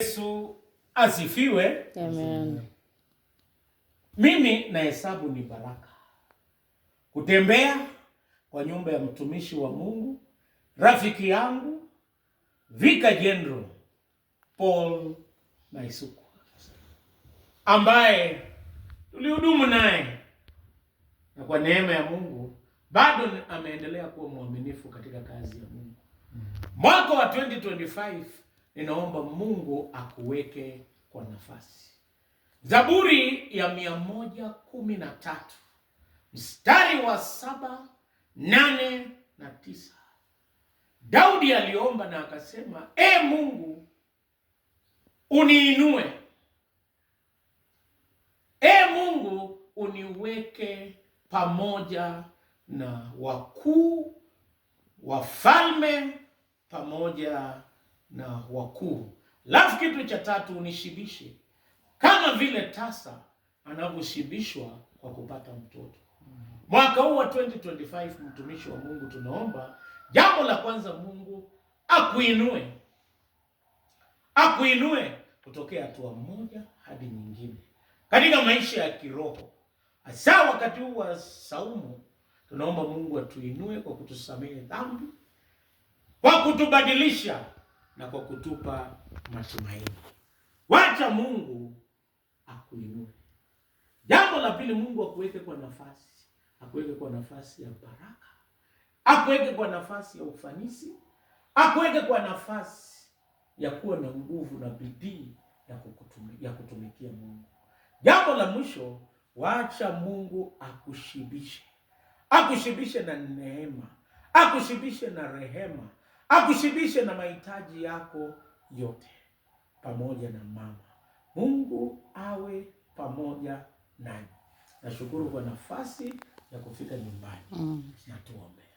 Yesu asifiwe. Amen. Mimi nahesabu ni baraka kutembea kwa nyumba ya mtumishi wa Mungu, rafiki yangu Vika General Paul Maisuku ambaye tulihudumu naye na kwa neema ya Mungu bado ameendelea kuwa mwaminifu katika kazi ya Mungu. Mwaka wa 2025 ninaomba Mungu akuweke kwa nafasi. Zaburi ya mia moja kumi na tatu mstari wa saba nane na tisa Daudi aliomba na akasema, E Mungu uniinue, E Mungu uniweke pamoja na wakuu, wafalme pamoja na wakuu. Alafu kitu cha tatu, unishibishe kama vile tasa anavyoshibishwa kwa kupata mtoto. Mwaka huu wa 2025 mtumishi wa Mungu, tunaomba jambo la kwanza, Mungu akuinue, akuinue kutokea hatua moja hadi nyingine katika maisha ya kiroho, hasa wakati huu wa saumu. Tunaomba Mungu atuinue kwa kutusamehe dhambi, kwa kutubadilisha na kwa kutupa matumaini. Wacha Mungu akuinue. Jambo la pili, Mungu akuweke kwa nafasi, akuweke kwa nafasi ya baraka, akuweke kwa nafasi ya ufanisi, akuweke kwa nafasi ya kuwa na nguvu na bidii ya kukutumikia, ya kutumikia Mungu. Jambo la mwisho, wacha Mungu akushibishe, akushibishe na neema, akushibishe na rehema akushibishe na mahitaji yako yote pamoja na mama. Mungu awe pamoja nanyi. Nashukuru kwa nafasi ya kufika nyumbani. Mm. Natuombe.